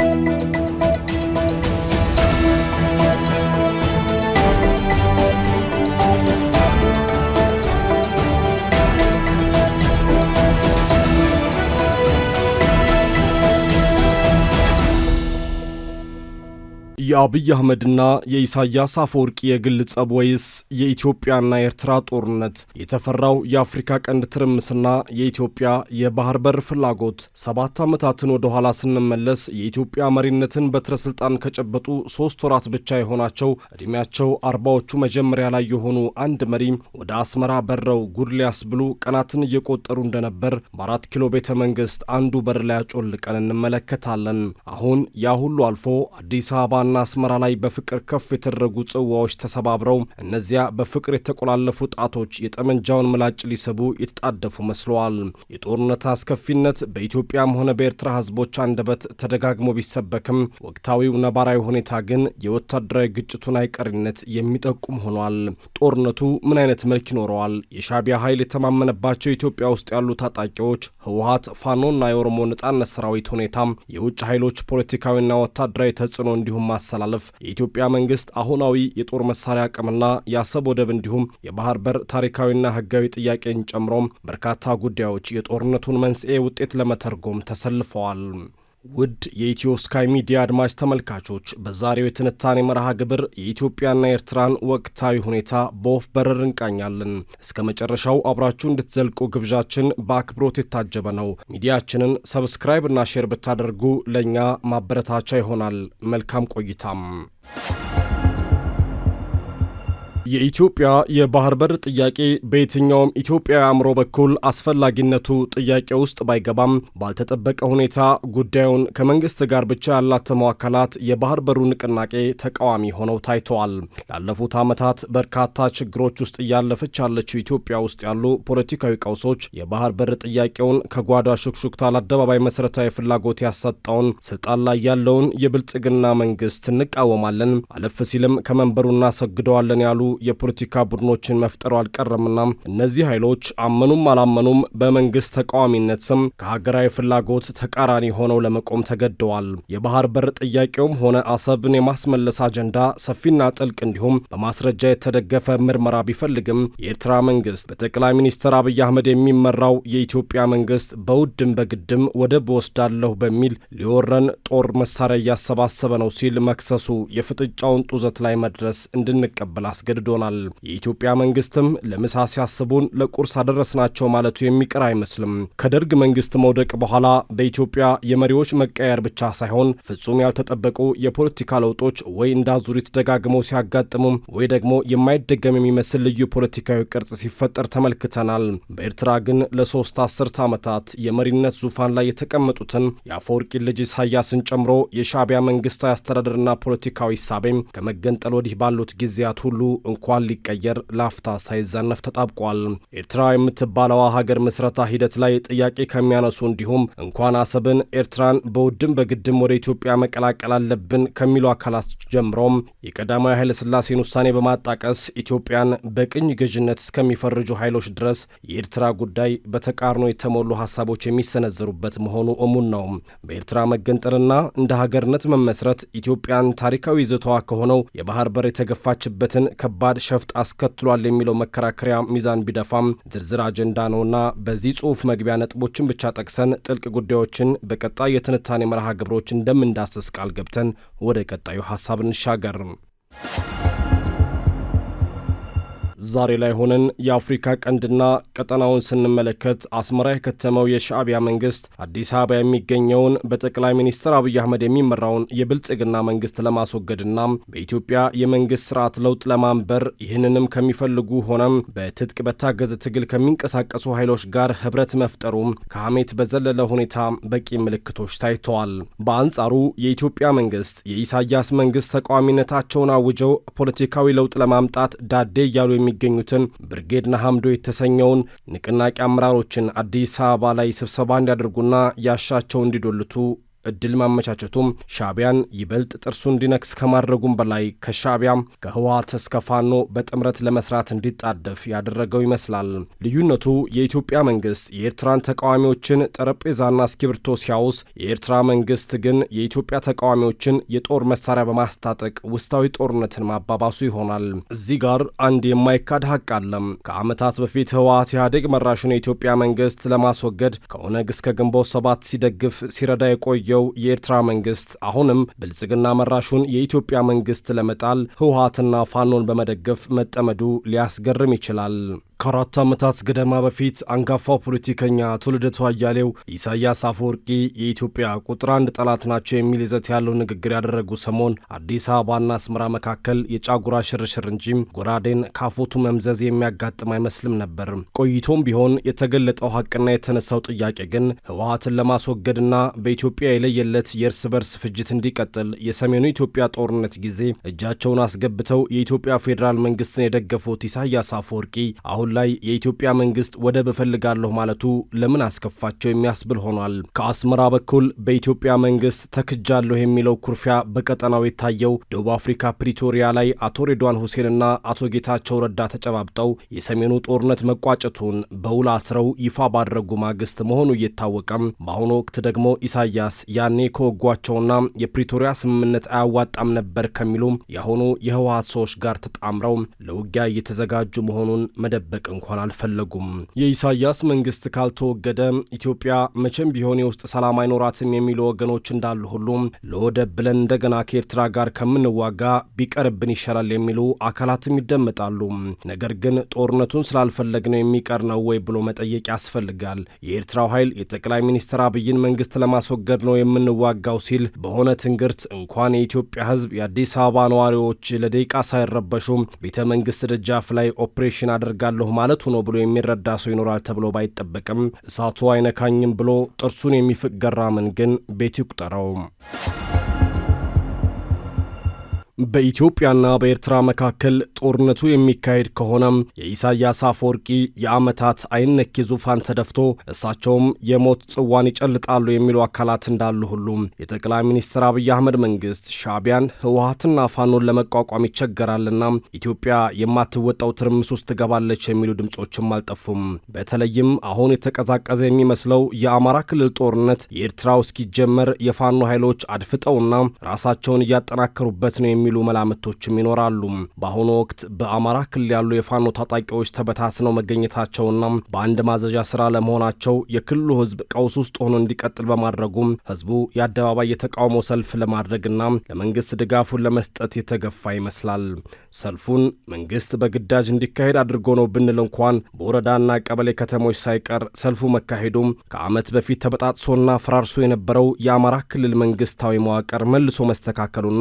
thank you የአብይ አህመድና የኢሳያስ አፈወርቂ የግል ጸብ ወይስ የኢትዮጵያና የኤርትራ ጦርነት? የተፈራው የአፍሪካ ቀንድ ትርምስና የኢትዮጵያ የባህር በር ፍላጎት። ሰባት ዓመታትን ወደ ኋላ ስንመለስ የኢትዮጵያ መሪነትን በትረ ስልጣን ከጨበጡ ሶስት ወራት ብቻ የሆናቸው ዕድሜያቸው አርባዎቹ መጀመሪያ ላይ የሆኑ አንድ መሪም ወደ አስመራ በረው ጉድ ሊያስብሉ ቀናትን እየቆጠሩ እንደነበር በአራት ኪሎ ቤተ መንግስት አንዱ በር ላይ አጮልቀን እንመለከታለን። አሁን ያ ሁሉ አልፎ አዲስ አበባና አስመራ ላይ በፍቅር ከፍ የተደረጉ ጽዋዎች ተሰባብረው እነዚያ በፍቅር የተቆላለፉ ጣቶች የጠመንጃውን ምላጭ ሊስቡ የተጣደፉ መስለዋል። የጦርነት አስከፊነት በኢትዮጵያም ሆነ በኤርትራ ሕዝቦች አንደበት ተደጋግሞ ቢሰበክም ወቅታዊው ነባራዊ ሁኔታ ግን የወታደራዊ ግጭቱን አይቀሪነት የሚጠቁም ሆኗል። ጦርነቱ ምን አይነት መልክ ይኖረዋል? የሻቢያ ኃይል የተማመነባቸው ኢትዮጵያ ውስጥ ያሉ ታጣቂዎች፣ ህወሀት፣ ፋኖና የኦሮሞ ነጻነት ሰራዊት ሁኔታም የውጭ ኃይሎች ፖለቲካዊና ወታደራዊ ተጽዕኖ እንዲሁም እንዲያስተላልፍ የኢትዮጵያ መንግስት አሁናዊ የጦር መሳሪያ አቅምና የአሰብ ወደብ እንዲሁም የባህር በር ታሪካዊና ህጋዊ ጥያቄን ጨምሮም በርካታ ጉዳዮች የጦርነቱን መንስኤ ውጤት ለመተርጎም ተሰልፈዋል። ውድ የኢትዮ ስካይ ሚዲያ አድማጭ ተመልካቾች በዛሬው የትንታኔ መርሃ ግብር የኢትዮጵያና ኤርትራን ወቅታዊ ሁኔታ በወፍ በረር እንቃኛለን። እስከ መጨረሻው አብራችሁ እንድትዘልቁ ግብዣችን በአክብሮት የታጀበ ነው። ሚዲያችንን ሰብስክራይብ እና ሼር ብታደርጉ ለእኛ ማበረታቻ ይሆናል። መልካም ቆይታም የኢትዮጵያ የባህር በር ጥያቄ በየትኛውም ኢትዮጵያዊ አእምሮ በኩል አስፈላጊነቱ ጥያቄ ውስጥ ባይገባም ባልተጠበቀ ሁኔታ ጉዳዩን ከመንግስት ጋር ብቻ ያላተመው አካላት የባህር በሩ ንቅናቄ ተቃዋሚ ሆነው ታይተዋል። ላለፉት ዓመታት በርካታ ችግሮች ውስጥ እያለፈች ያለችው ኢትዮጵያ ውስጥ ያሉ ፖለቲካዊ ቀውሶች የባህር በር ጥያቄውን ከጓዳ ሹክሹክታ ለአደባባይ መሠረታዊ ፍላጎት ያሳጣውን ስልጣን ላይ ያለውን የብልጽግና መንግስት እንቃወማለን፣ አለፍ ሲልም ከመንበሩ እናሰግደዋለን ያሉ የፖለቲካ ቡድኖችን መፍጠሩ አልቀረምና እነዚህ ኃይሎች አመኑም አላመኑም በመንግስት ተቃዋሚነት ስም ከሀገራዊ ፍላጎት ተቃራኒ ሆነው ለመቆም ተገደዋል። የባህር በር ጥያቄውም ሆነ አሰብን የማስመለስ አጀንዳ ሰፊና ጥልቅ እንዲሁም በማስረጃ የተደገፈ ምርመራ ቢፈልግም የኤርትራ መንግስት በጠቅላይ ሚኒስትር አብይ አህመድ የሚመራው የኢትዮጵያ መንግስት በውድም በግድም ወደብ ወስዳለሁ በሚል ሊወረን ጦር መሳሪያ እያሰባሰበ ነው ሲል መክሰሱ የፍጥጫውን ጡዘት ላይ መድረስ እንድንቀበል አስገድዷል። አስገድዶናል። የኢትዮጵያ መንግስትም ለምሳ ሲያስቡን ለቁርስ አደረስናቸው ማለቱ የሚቀር አይመስልም። ከደርግ መንግስት መውደቅ በኋላ በኢትዮጵያ የመሪዎች መቀየር ብቻ ሳይሆን ፍጹም ያልተጠበቁ የፖለቲካ ለውጦች ወይ እንዳዙሪት ደጋግመው ሲያጋጥሙም ወይ ደግሞ የማይደገም የሚመስል ልዩ ፖለቲካዊ ቅርጽ ሲፈጠር ተመልክተናል። በኤርትራ ግን ለሶስት አስርተ ዓመታት የመሪነት ዙፋን ላይ የተቀመጡትን የአፈወርቂ ልጅ ኢሳያስን ጨምሮ የሻቢያ መንግስታዊ አስተዳደርና ፖለቲካዊ ሳቤም ከመገንጠል ወዲህ ባሉት ጊዜያት ሁሉ እንኳን ሊቀየር ላፍታ ሳይዛነፍ ተጣብቋል። ኤርትራ የምትባለዋ ሀገር ምስረታ ሂደት ላይ ጥያቄ ከሚያነሱ እንዲሁም እንኳን አሰብን ኤርትራን በውድም በግድም ወደ ኢትዮጵያ መቀላቀል አለብን ከሚሉ አካላት ጀምሮም የቀዳማዊ ስላሴን ውሳኔ በማጣቀስ ኢትዮጵያን በቅኝ ገዥነት እስከሚፈርጁ ኃይሎች ድረስ የኤርትራ ጉዳይ በተቃርኖ የተሞሉ ሀሳቦች የሚሰነዘሩበት መሆኑ እሙን ነው። በኤርትራ መገንጠልና እንደ ሀገርነት መመስረት ኢትዮጵያን ታሪካዊ ይዘቷ ከሆነው የባህር በር የተገፋችበትን ከባ ከባድ ሸፍጥ አስከትሏል የሚለው መከራከሪያ ሚዛን ቢደፋም ዝርዝር አጀንዳ ነውና በዚህ ጽሁፍ መግቢያ ነጥቦችን ብቻ ጠቅሰን ጥልቅ ጉዳዮችን በቀጣይ የትንታኔ መርሃ ግብሮች እንደምንዳስስ ቃል ገብተን ወደ ቀጣዩ ሀሳብ እንሻገርም። ዛሬ ላይ ሆነን የአፍሪካ ቀንድና ቀጠናውን ስንመለከት አስመራ የከተመው የሻዕቢያ መንግስት አዲስ አበባ የሚገኘውን በጠቅላይ ሚኒስትር አብይ አህመድ የሚመራውን የብልጽግና መንግስት ለማስወገድና በኢትዮጵያ የመንግስት ስርዓት ለውጥ ለማንበር ይህንንም ከሚፈልጉ ሆነም በትጥቅ በታገዘ ትግል ከሚንቀሳቀሱ ኃይሎች ጋር ህብረት መፍጠሩም ከሐሜት በዘለለ ሁኔታ በቂ ምልክቶች ታይተዋል። በአንጻሩ የኢትዮጵያ መንግስት የኢሳያስ መንግስት ተቃዋሚነታቸውን አውጀው ፖለቲካዊ ለውጥ ለማምጣት ዳዴ እያሉ የሚ የሚገኙትን ብርጌድ ሀምዶ የተሰኘውን ንቅናቄ አመራሮችን አዲስ አበባ ላይ ስብሰባ እንዲያደርጉና ያሻቸው እንዲዶልቱ እድል ማመቻቸቱም ሻቢያን ይበልጥ ጥርሱ እንዲነክስ ከማድረጉም በላይ ከሻቢያ ከህወሀት እስከ ፋኖ በጥምረት ለመስራት እንዲጣደፍ ያደረገው ይመስላል። ልዩነቱ የኢትዮጵያ መንግስት የኤርትራን ተቃዋሚዎችን ጠረጴዛና እስክሪብቶ ሲያውስ፣ የኤርትራ መንግስት ግን የኢትዮጵያ ተቃዋሚዎችን የጦር መሳሪያ በማስታጠቅ ውስጣዊ ጦርነትን ማባባሱ ይሆናል። እዚህ ጋር አንድ የማይካድ ሀቅ አለም። ከዓመታት በፊት ህወሀት ኢህአዴግ መራሹን የኢትዮጵያ መንግስት ለማስወገድ ከኦነግ እስከ ግንቦት ሰባት ሲደግፍ ሲረዳ የቆየ የቆየው የኤርትራ መንግስት አሁንም ብልጽግና መራሹን የኢትዮጵያ መንግስት ለመጣል ህውሀትና ፋኖን በመደገፍ መጠመዱ ሊያስገርም ይችላል። ከአራት ዓመታት ገደማ በፊት አንጋፋው ፖለቲከኛ አቶ አያሌው ኢሳያስ አፈወርቂ የኢትዮጵያ ቁጥር አንድ ጠላት ናቸው የሚል ይዘት ያለው ንግግር ያደረጉ ሰሞን አዲስ አበባና አስመራ መካከል የጫጉራ ሽርሽር እንጂም ጎራዴን ካፎቱ መምዘዝ የሚያጋጥም አይመስልም ነበር። ቆይቶም ቢሆን የተገለጠው ሀቅና የተነሳው ጥያቄ ግን ህወሀትን ለማስወገድና በኢትዮጵያ የለየለት የእርስ በርስ ፍጅት እንዲቀጥል የሰሜኑ ኢትዮጵያ ጦርነት ጊዜ እጃቸውን አስገብተው የኢትዮጵያ ፌዴራል መንግስትን የደገፉት ኢሳያስ አፈወርቂ አሁን አሁን ላይ የኢትዮጵያ መንግስት ወደብ እፈልጋለሁ ማለቱ ለምን አስከፋቸው የሚያስብል ሆኗል። ከአስመራ በኩል በኢትዮጵያ መንግስት ተክጃለሁ የሚለው ኩርፊያ በቀጠናው የታየው ደቡብ አፍሪካ ፕሪቶሪያ ላይ አቶ ሬድዋን ሁሴንና አቶ ጌታቸው ረዳ ተጨባብጠው የሰሜኑ ጦርነት መቋጨቱን በውል አስረው ይፋ ባድረጉ ማግስት መሆኑ እየታወቀም በአሁኑ ወቅት ደግሞ ኢሳያስ ያኔ ከወጓቸውና የፕሪቶሪያ ስምምነት አያዋጣም ነበር ከሚሉም የአሁኑ የህወሀት ሰዎች ጋር ተጣምረው ለውጊያ እየተዘጋጁ መሆኑን መደበቅ ማድረቅ እንኳን አልፈለጉም። የኢሳያስ መንግስት ካልተወገደ ኢትዮጵያ መቼም ቢሆን የውስጥ ሰላም አይኖራትም የሚሉ ወገኖች እንዳሉ ሁሉም ለወደብ ብለን እንደገና ከኤርትራ ጋር ከምንዋጋ ቢቀርብን ይሻላል የሚሉ አካላትም ይደመጣሉ። ነገር ግን ጦርነቱን ነው የሚቀር ነው ወይ ብሎ መጠየቅ ያስፈልጋል። የኤርትራው ኃይል የጠቅላይ ሚኒስትር አብይን መንግስት ለማስወገድ ነው የምንዋጋው ሲል በሆነ ትንግርት እንኳን የኢትዮጵያ ህዝብ የአዲስ አበባ ነዋሪዎች ለደቂቃ ሳይረበሹ ቤተ መንግስት ደጃፍ ላይ ኦፕሬሽን አደርጋለሁ ማለቱ ነው ብሎ የሚረዳ ሰው ይኖራል ተብሎ ባይጠበቅም እሳቱ አይነካኝም ብሎ ጥርሱን የሚፍቅ ገራምን ግን ቤት ይቁጠረው። በኢትዮጵያና በኤርትራ መካከል ጦርነቱ የሚካሄድ ከሆነም የኢሳያስ አፈወርቂ የአመታት አይነኪ ዙፋን ተደፍቶ እሳቸውም የሞት ጽዋን ይጨልጣሉ የሚሉ አካላት እንዳሉ ሁሉም የጠቅላይ ሚኒስትር አብይ አህመድ መንግስት ሻቢያን ህወሀትና ፋኖን ለመቋቋም ይቸገራልና ኢትዮጵያ የማትወጣው ትርምስ ውስጥ ትገባለች የሚሉ ድምፆችም አልጠፉም። በተለይም አሁን የተቀዛቀዘ የሚመስለው የአማራ ክልል ጦርነት የኤርትራው እስኪጀመር የፋኖ ኃይሎች አድፍጠውና ራሳቸውን እያጠናከሩበት ነው የሚሉ የሚሉ መላምቶችም ይኖራሉ። በአሁኑ ወቅት በአማራ ክልል ያሉ የፋኖ ታጣቂዎች ተበታትነው መገኘታቸውና በአንድ ማዘዣ ስራ ለመሆናቸው የክልሉ ህዝብ ቀውስ ውስጥ ሆኖ እንዲቀጥል በማድረጉም ህዝቡ የአደባባይ የተቃውሞ ሰልፍ ለማድረግና ለመንግስት ድጋፉን ለመስጠት የተገፋ ይመስላል። ሰልፉን መንግስት በግዳጅ እንዲካሄድ አድርጎ ነው ብንል እንኳን በወረዳና ቀበሌ ከተሞች ሳይቀር ሰልፉ መካሄዱም ከዓመት በፊት ተበጣጥሶና ፈራርሶ የነበረው የአማራ ክልል መንግስታዊ መዋቅር መልሶ መስተካከሉና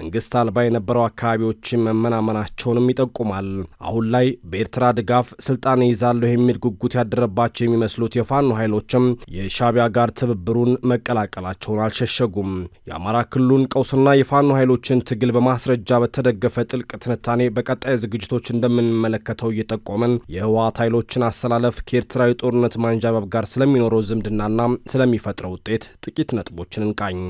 መንግስት አልባ ጀርባ የነበረው አካባቢዎች መመናመናቸውንም ይጠቁማል። አሁን ላይ በኤርትራ ድጋፍ ስልጣን ይዛለሁ የሚል ጉጉት ያደረባቸው የሚመስሉት የፋኖ ኃይሎችም የሻቢያ ጋር ትብብሩን መቀላቀላቸውን አልሸሸጉም። የአማራ ክልሉን ቀውስና የፋኖ ኃይሎችን ትግል በማስረጃ በተደገፈ ጥልቅ ትንታኔ በቀጣይ ዝግጅቶች እንደምንመለከተው እየጠቆመን የህወሓት ኃይሎችን አሰላለፍ ከኤርትራዊ ጦርነት ማንዣበብ ጋር ስለሚኖረው ዝምድናና ስለሚፈጥረው ውጤት ጥቂት ነጥቦችን እንቃኝ።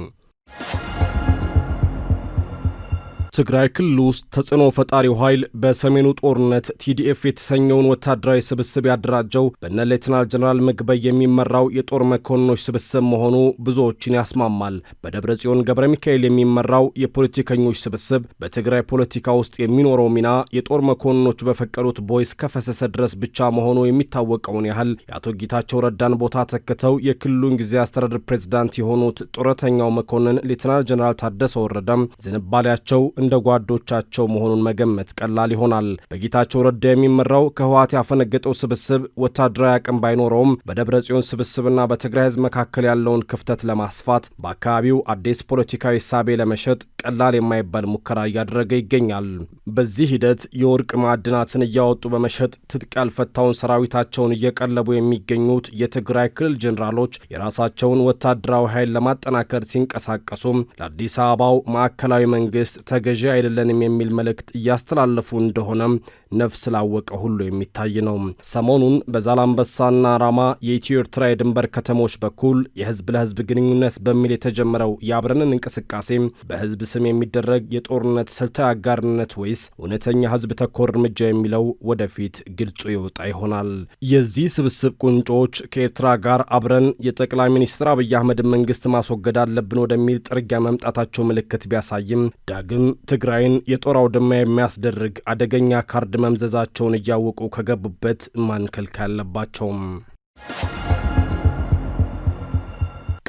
ትግራይ ክልል ውስጥ ተጽዕኖ ፈጣሪው ኃይል በሰሜኑ ጦርነት ቲዲኤፍ የተሰኘውን ወታደራዊ ስብስብ ያደራጀው በነ ሌትናል ጀነራል ምግበይ የሚመራው የጦር መኮንኖች ስብስብ መሆኑ ብዙዎችን ያስማማል። በደብረ ጽዮን ገብረ ሚካኤል የሚመራው የፖለቲከኞች ስብስብ በትግራይ ፖለቲካ ውስጥ የሚኖረው ሚና የጦር መኮንኖቹ በፈቀዱት ቦይ እስከፈሰሰ ድረስ ብቻ መሆኑ የሚታወቀውን ያህል የአቶ ጌታቸው ረዳን ቦታ ተክተው የክልሉን ጊዜ አስተዳደር ፕሬዚዳንት የሆኑት ጡረተኛው መኮንን ሌትናል ጀነራል ታደሰ ወረደም ዝንባሌያቸው እንደ ጓዶቻቸው መሆኑን መገመት ቀላል ይሆናል። በጌታቸው ረዳ የሚመራው ከህወሓት ያፈነገጠው ስብስብ ወታደራዊ አቅም ባይኖረውም በደብረ ጽዮን ስብስብና በትግራይ ህዝብ መካከል ያለውን ክፍተት ለማስፋት በአካባቢው አዲስ ፖለቲካዊ ሳቤ ለመሸጥ ቀላል የማይባል ሙከራ እያደረገ ይገኛል። በዚህ ሂደት የወርቅ ማዕድናትን እያወጡ በመሸጥ ትጥቅ ያልፈታውን ሰራዊታቸውን እየቀለቡ የሚገኙት የትግራይ ክልል ጀኔራሎች የራሳቸውን ወታደራዊ ኃይል ለማጠናከር ሲንቀሳቀሱም ለአዲስ አበባው ማዕከላዊ መንግስት ተገ ገዢ አይደለንም የሚል መልእክት እያስተላለፉ እንደሆነም ነፍስ ላወቀ ሁሉ የሚታይ ነው። ሰሞኑን በዛላምበሳና ራማ የኢትዮ ኤርትራ የድንበር ከተሞች በኩል የህዝብ ለህዝብ ግንኙነት በሚል የተጀመረው የአብረንን እንቅስቃሴ በህዝብ ስም የሚደረግ የጦርነት ስልታዊ አጋርነት ወይስ እውነተኛ ህዝብ ተኮር እርምጃ የሚለው ወደፊት ግልጹ ይወጣ ይሆናል። የዚህ ስብስብ ቁንጮዎች ከኤርትራ ጋር አብረን የጠቅላይ ሚኒስትር አብይ አህመድን መንግስት ማስወገድ አለብን ወደሚል ጥርጊያ መምጣታቸው ምልክት ቢያሳይም ዳግም ትግራይን የጦር አውድማ የሚያስደርግ አደገኛ ካርድ መምዘዛቸውን እያወቁ ከገቡበት ማንከልከ አለባቸውም።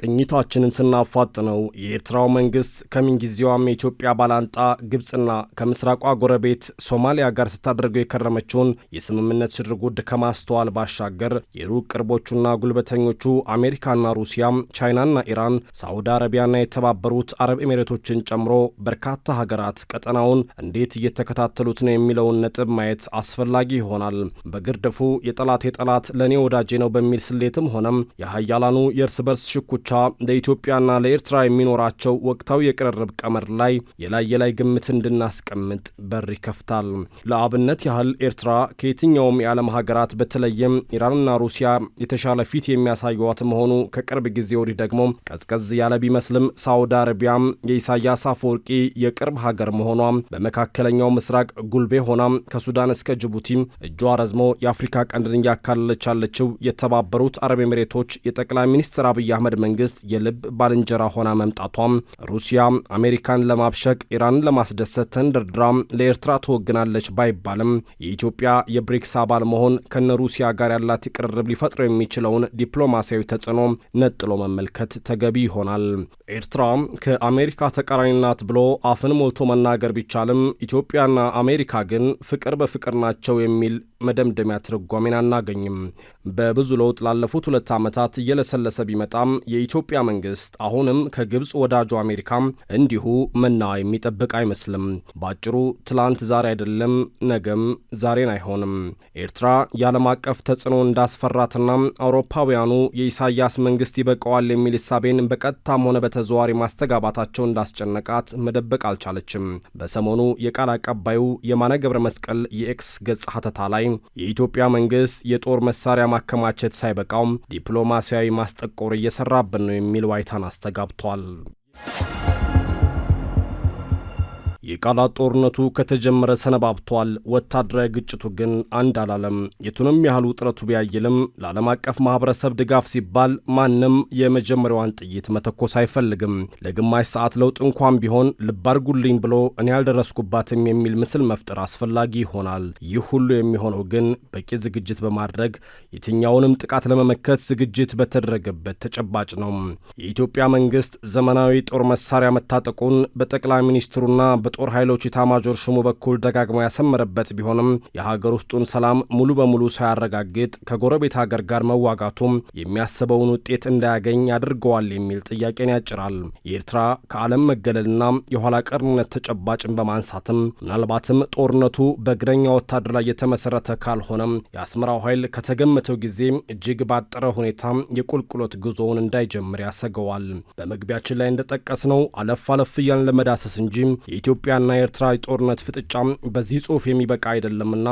ቅኝታችንን ስናፋጥነው የኤርትራው መንግስት ከምንጊዜዋም የኢትዮጵያ ባላንጣ ግብፅና ከምስራቋ ጎረቤት ሶማሊያ ጋር ስታደርገው የከረመችውን የስምምነት ሽርጉድ ከማስተዋል ባሻገር የሩቅ ቅርቦቹና ጉልበተኞቹ አሜሪካና ሩሲያም፣ ቻይናና ኢራን፣ ሳዑዲ አረቢያና የተባበሩት አረብ ኤሚሬቶችን ጨምሮ በርካታ ሀገራት ቀጠናውን እንዴት እየተከታተሉት ነው የሚለውን ነጥብ ማየት አስፈላጊ ይሆናል። በግርድፉ የጠላት የጠላት ለእኔ ወዳጄ ነው በሚል ስሌትም ሆነም የሀያላኑ የእርስ በርስ ሽኩቻ ለኢትዮጵያና ለኤርትራ የሚኖራቸው ወቅታዊ የቅርርብ ቀመር ላይ የላይ የላይ ግምት እንድናስቀምጥ በር ይከፍታል። ለአብነት ያህል ኤርትራ ከየትኛውም የዓለም ሀገራት በተለይም ኢራንና ሩሲያ የተሻለ ፊት የሚያሳዩዋት መሆኑ ከቅርብ ጊዜ ወዲህ ደግሞ ቀዝቀዝ ያለ ቢመስልም ሳውዲ አረቢያም የኢሳያስ አፈወርቂ የቅርብ ሀገር መሆኗ በመካከለኛው ምስራቅ ጉልቤ ሆና ከሱዳን እስከ ጅቡቲ እጇ ረዝሞ የአፍሪካ ቀንድን እያካለለች ያለችው የተባበሩት አረብ ኤምሬቶች የጠቅላይ ሚኒስትር አብይ አህመድ መንግስት መንግስት የልብ ባልንጀራ ሆና መምጣቷም ሩሲያ አሜሪካን ለማብሸቅ ኢራንን ለማስደሰት ተንደርድራ ለኤርትራ ትወግናለች ባይባልም የኢትዮጵያ የብሪክስ አባል መሆን ከነ ሩሲያ ጋር ያላት ቅርርብ ሊፈጥረው የሚችለውን ዲፕሎማሲያዊ ተጽዕኖ ነጥሎ መመልከት ተገቢ ይሆናል። ኤርትራ ከአሜሪካ ተቃራኒ ናት ብሎ አፍን ሞልቶ መናገር ቢቻልም ኢትዮጵያና አሜሪካ ግን ፍቅር በፍቅር ናቸው የሚል መደምደሚያ ትርጓሜን አናገኝም። በብዙ ለውጥ ላለፉት ሁለት ዓመታት እየለሰለሰ ቢመጣም የኢትዮጵያ መንግስት አሁንም ከግብፅ ወዳጁ አሜሪካም እንዲሁ መናዋ የሚጠብቅ አይመስልም። ባጭሩ ትላንት ዛሬ አይደለም፣ ነገም ዛሬን አይሆንም። ኤርትራ የዓለም አቀፍ ተጽዕኖ እንዳስፈራትና አውሮፓውያኑ የኢሳያስ መንግስት ይበቃዋል የሚል እሳቤን በቀጥታም ሆነ በተዘዋሪ ማስተጋባታቸው እንዳስጨነቃት መደበቅ አልቻለችም። በሰሞኑ የቃል አቀባዩ የማነ ገብረ መስቀል የኤክስ ገጽ ሀተታ ላይ የኢትዮጵያ መንግስት የጦር መሳሪያ ማከማቸት ሳይበቃውም ዲፕሎማሲያዊ ማስጠቆር እየሰራብን ነው የሚል ዋይታን አስተጋብቷል። የቃላት ጦርነቱ ከተጀመረ ሰነባብቷል። ወታደራዊ ግጭቱ ግን አንድ አላለም። የቱንም ያህል ውጥረቱ ቢያይልም ለዓለም አቀፍ ማህበረሰብ ድጋፍ ሲባል ማንም የመጀመሪያዋን ጥይት መተኮስ አይፈልግም። ለግማሽ ሰዓት ለውጥ እንኳን ቢሆን ልብ አድርጉልኝ ብሎ እኔ ያልደረስኩባትም የሚል ምስል መፍጠር አስፈላጊ ይሆናል። ይህ ሁሉ የሚሆነው ግን በቂ ዝግጅት በማድረግ የትኛውንም ጥቃት ለመመከት ዝግጅት በተደረገበት ተጨባጭ ነው። የኢትዮጵያ መንግስት ዘመናዊ ጦር መሳሪያ መታጠቁን በጠቅላይ ሚኒስትሩና በጦር ኃይሎች ኢታማጆር ሹሙ በኩል ደጋግሞ ያሰመረበት ቢሆንም የሀገር ውስጡን ሰላም ሙሉ በሙሉ ሳያረጋግጥ ከጎረቤት ሀገር ጋር መዋጋቱም የሚያስበውን ውጤት እንዳያገኝ ያደርገዋል የሚል ጥያቄን ያጭራል። የኤርትራ ከዓለም መገለልና የኋላ ቀርነት ተጨባጭን በማንሳትም ምናልባትም ጦርነቱ በእግረኛ ወታደር ላይ የተመሰረተ ካልሆነም የአስመራው ኃይል ከተገመተው ጊዜ እጅግ ባጠረ ሁኔታ የቁልቁሎት ጉዞውን እንዳይጀምር ያሰገዋል። በመግቢያችን ላይ እንደጠቀስ ነው አለፍ አለፍ እያን ለመዳሰስ እንጂ የኢትዮ የኢትዮጵያና የኤርትራ ጦርነት ፍጥጫ በዚህ ጽሑፍ የሚበቃ አይደለምና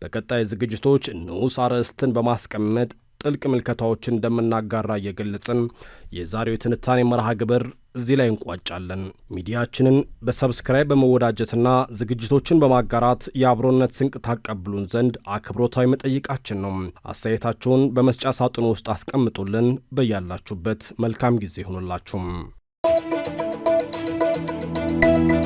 በቀጣይ ዝግጅቶች ንዑስ አርዕስትን በማስቀመጥ ጥልቅ ምልከታዎችን እንደምናጋራ እየገለጽን የዛሬው የትንታኔ መርሃ ግብር እዚህ ላይ እንቋጫለን። ሚዲያችንን በሰብስክራይብ በመወዳጀትና ዝግጅቶችን በማጋራት የአብሮነት ስንቅ ታቀብሉን ዘንድ አክብሮታዊ መጠይቃችን ነው። አስተያየታችሁን በመስጫ ሳጥኑ ውስጥ አስቀምጡልን። በያላችሁበት መልካም ጊዜ you.